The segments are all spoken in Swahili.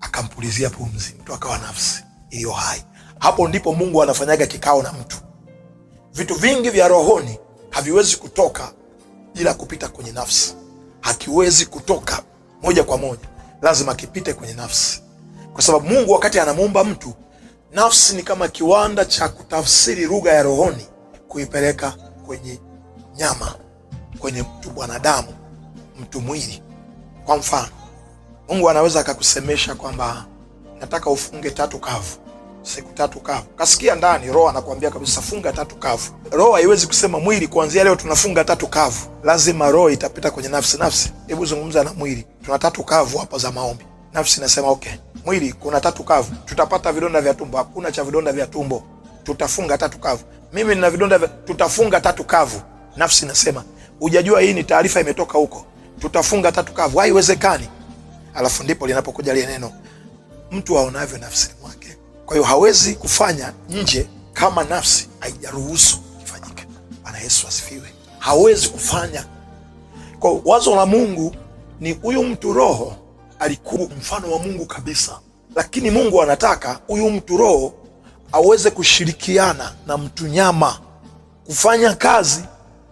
akampulizia pumzi, mtu akawa nafsi iliyo hai. Hapo ndipo Mungu anafanyaga kikao na mtu. Vitu vingi vya rohoni haviwezi kutoka bila kupita kwenye nafsi, hakiwezi kutoka moja kwa moja, lazima kipite kwenye nafsi, kwa sababu Mungu wakati anamuumba mtu, nafsi ni kama kiwanda cha kutafsiri lugha ya rohoni, kuipeleka kwenye nyama, kwenye mtu, mwanadamu, mtu mwili, kwa mfano Mungu anaweza akakusemesha kwamba nataka ufunge tatu kavu siku tatu kavu. Kasikia ndani roho anakuambia kabisa funga tatu kavu. Roho haiwezi kusema mwili, kuanzia leo tunafunga tatu kavu. Lazima roho itapita kwenye nafsi. Nafsi, hebu zungumza na mwili, tuna tatu kavu hapa za maombi. Nafsi nasema okay, mwili kuna tatu kavu, tutapata vidonda vya tumbo. Hakuna cha vidonda vya tumbo, tutafunga tatu kavu. Mimi nina vidonda vya, tutafunga tatu kavu. Nafsi nasema, hujajua, hii ni taarifa imetoka huko, tutafunga tatu kavu. Haiwezekani alafu ndipo linapokuja lile neno mtu aonavyo nafsini mwake. Kwa hiyo hawezi kufanya nje kama nafsi haijaruhusu kifanyike. Bwana Yesu asifiwe. Hawezi kufanya kwa wazo la Mungu. Ni huyu mtu roho alikuwa mfano wa Mungu kabisa, lakini Mungu anataka huyu mtu roho aweze kushirikiana na mtu nyama kufanya kazi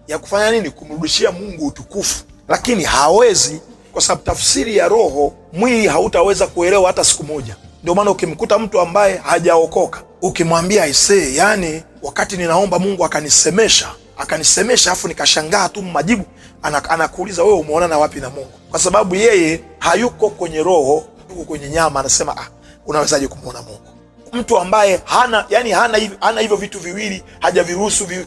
ya kufanya nini? Kumrudishia Mungu utukufu, lakini hawezi kwa sababu tafsiri ya roho mwili hautaweza kuelewa hata siku moja. Ndio maana ukimkuta mtu ambaye hajaokoka ukimwambia aisee, yani wakati ninaomba Mungu akanisemesha akanisemesha afu nikashangaa tu majibu, anakuuliza wewe umeonana wapi na Mungu? Kwa sababu yeye hayuko kwenye roho, yuko kwenye nyama. Anasema ah, unawezaje kumwona Mungu? Mtu ambaye hana yani hana hana hivyo vitu viwili, hajaviruhusu vi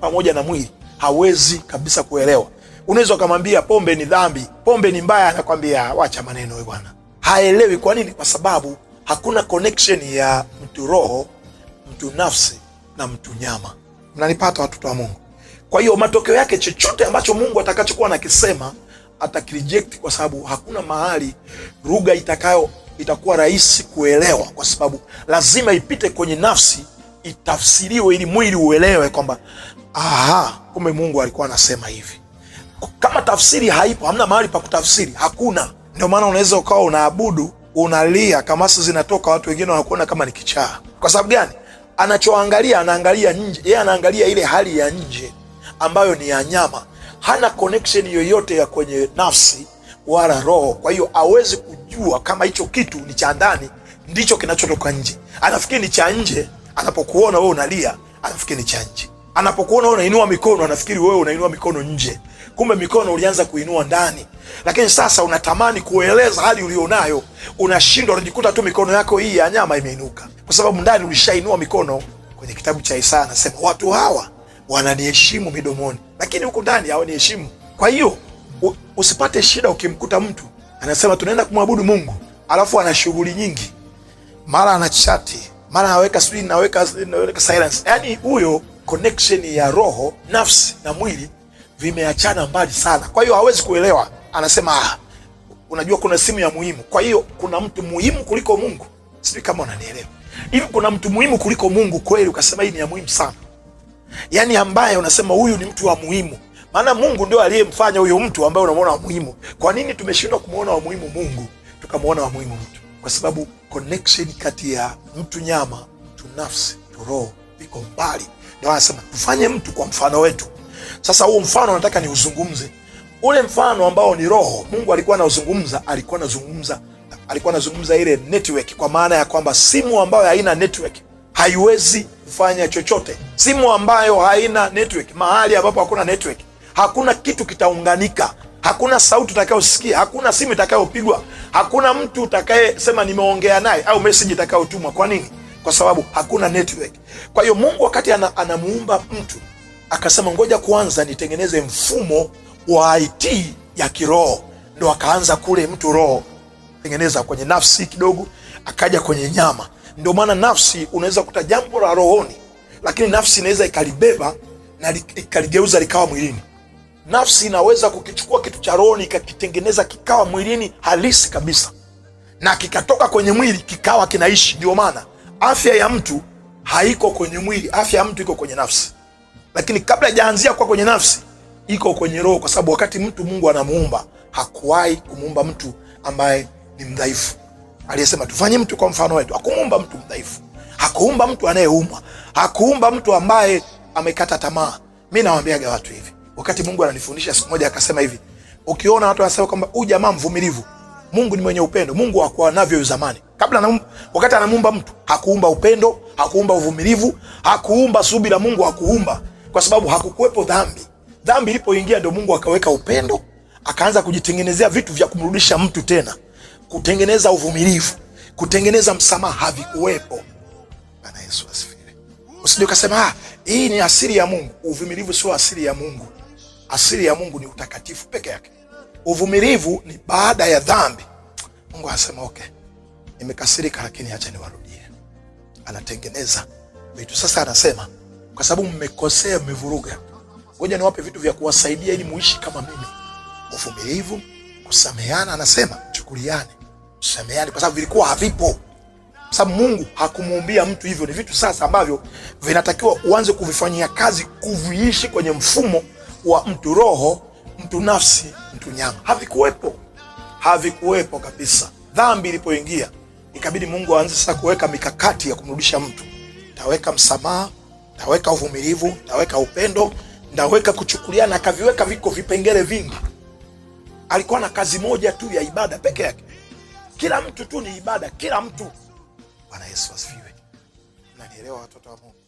pamoja na mwili, hawezi kabisa kuelewa. Unaweza ukamwambia pombe ni dhambi, pombe ni mbaya, anakwambia wacha maneno we bwana. Haelewi kwa nini? Kwa sababu hakuna connection ya mtu roho, mtu nafsi na mtu nyama. Mnanipata watoto wa Mungu? Kwa hiyo matokeo yake, chochote ambacho Mungu atakachokuwa anakisema atakireject, kwa sababu hakuna mahali lugha itakayo itakuwa rahisi kuelewa, kwa sababu lazima ipite kwenye nafsi itafsiriwe ili mwili uelewe kwamba aha, kumbe Mungu alikuwa anasema hivi kama tafsiri haipo, hamna mahali pa kutafsiri, hakuna. Ndio maana unaweza ukawa unaabudu, unalia, kamasi zinatoka, watu wengine wanakuona kama ni kichaa. Kwa sababu gani? Anachoangalia, anaangalia nje, yeye anaangalia ile hali ya nje ambayo ni ya nyama, hana connection yoyote ya kwenye nafsi wala roho. Kwa hiyo hawezi kujua kama hicho kitu ni cha ndani ndicho kinachotoka nje. Anafikiri ni cha nje, anapokuona wewe unalia, anafikiri ni cha nje anapokuona unainua mikono anafikiri wewe unainua mikono nje, kumbe mikono ulianza kuinua ndani. Lakini sasa unatamani kueleza hali ulionayo, unashindwa, unajikuta tu mikono yako hii ya nyama imeinuka, kwa sababu ndani ulishainua mikono. Kwenye kitabu cha Isaya anasema watu hawa wananiheshimu midomoni, lakini huku ndani hawaniheshimu. Kwa hiyo usipate shida ukimkuta mtu anasema tunaenda kumwabudu Mungu, alafu ana shughuli nyingi, mara ana chati, mara anaweka sijui naweka silence, yani huyo connection ya roho, nafsi na mwili vimeachana mbali sana, kwa hiyo hawezi kuelewa. Anasema ah, unajua kuna simu ya muhimu, kwa hiyo kuna mtu muhimu kuliko Mungu. Sijui kama unanielewa. Hivi kuna mtu muhimu kuliko Mungu kweli, ukasema hii ni ya muhimu sana, yaani ambaye unasema huyu ni mtu wa muhimu? Maana Mungu ndio aliyemfanya huyo mtu ambaye unamwona wa muhimu. Kwa nini tumeshindwa kumwona wa muhimu Mungu tukamwona wa muhimu mtu? Kwa sababu connection kati ya mtu nyama, mtu nafsi, mtu roho viko mbali. Ndio anasema tufanye mtu kwa mfano wetu. Sasa huo mfano nataka niuzungumze, ule mfano ambao ni roho. Mungu alikuwa anazungumza, alikuwa anazungumza, alikuwa anazungumza ile network, kwa maana ya kwamba simu ambayo haina network haiwezi kufanya chochote. Simu ambayo haina network, mahali ambapo hakuna network, hakuna kitu kitaunganika, hakuna sauti utakayosikia, hakuna simu itakayopigwa, hakuna mtu utakayesema nimeongea naye au message itakayotumwa. Kwa nini? kwa sababu hakuna network. Kwa hiyo Mungu wakati anamuumba ana mtu akasema, ngoja kwanza nitengeneze mfumo wa IT ya kiroho, ndo akaanza kule mtu roho tengeneza kwenye nafsi kidogo, akaja kwenye nyama. Ndio maana nafsi unaweza kuta jambo la rohoni, lakini nafsi inaweza ikalibeba na ikaligeuza likawa mwilini. Nafsi inaweza kukichukua kitu cha rohoni ikakitengeneza kikawa mwilini halisi kabisa, na kikatoka kwenye mwili kikawa kinaishi. Ndio maana afya ya mtu haiko kwenye mwili, afya ya mtu iko kwenye nafsi, lakini kabla hajaanzia kuwa kwenye nafsi iko kwenye roho, kwa sababu wakati mtu Mungu anamuumba hakuwahi kumuumba mtu ambaye ni mdhaifu. Aliyesema tufanye mtu kwa mfano wetu, hakumuumba mtu mdhaifu, hakuumba mtu anayeumwa, hakuumba mtu ambaye amekata tamaa. Mi nawaambiaga watu hivi, wakati Mungu ananifundisha siku moja akasema hivi, ukiona watu wanasema kwamba huyu jamaa mvumilivu, Mungu ni mwenye upendo, Mungu hakuwa navyo zamani Kabla na wakati anamuumba mtu hakuumba upendo, hakuumba uvumilivu, hakuumba subira. Mungu hakuumba kwa sababu hakukuwepo dhambi. Dhambi ilipoingia ndio Mungu akaweka upendo, akaanza kujitengenezea vitu vya kumrudisha mtu tena, kutengeneza uvumilivu, kutengeneza msamaha, havikuwepo. Bwana Yesu asifiwe. Usije ukasema ah, hii ni asili ya Mungu. Uvumilivu sio asili ya Mungu. Asili ya Mungu ni utakatifu peke yake. Uvumilivu ni baada ya dhambi. Mungu anasema okay nimekasirika, lakini acha niwarudie. Anatengeneza vitu sasa, anasema kwa sababu mmekosea, mmevuruga, ngoja niwape vitu vya kuwasaidia ili muishi kama mimi, uvumilivu, kusameheana. Anasema chukuliane, tusameheane, kwa sababu vilikuwa havipo kwa sababu Mungu hakumuumbia mtu hivyo. Ni vitu sasa ambavyo vinatakiwa uanze kuvifanyia kazi, kuviishi kwenye mfumo wa mtu roho, mtu nafsi, mtu nyama. Havikuwepo, havikuwepo kabisa. Dhambi ilipoingia ikabidi Mungu aanze sasa kuweka mikakati ya kumrudisha mtu. Taweka msamaha, taweka uvumilivu, taweka upendo, ndaweka kuchukuliana, akaviweka viko vipengele vingi. Alikuwa na kazi moja tu ya ibada peke yake, kila mtu tu ni ibada, kila mtu. Bwana Yesu asifiwe. Nanielewa watoto wa Mungu.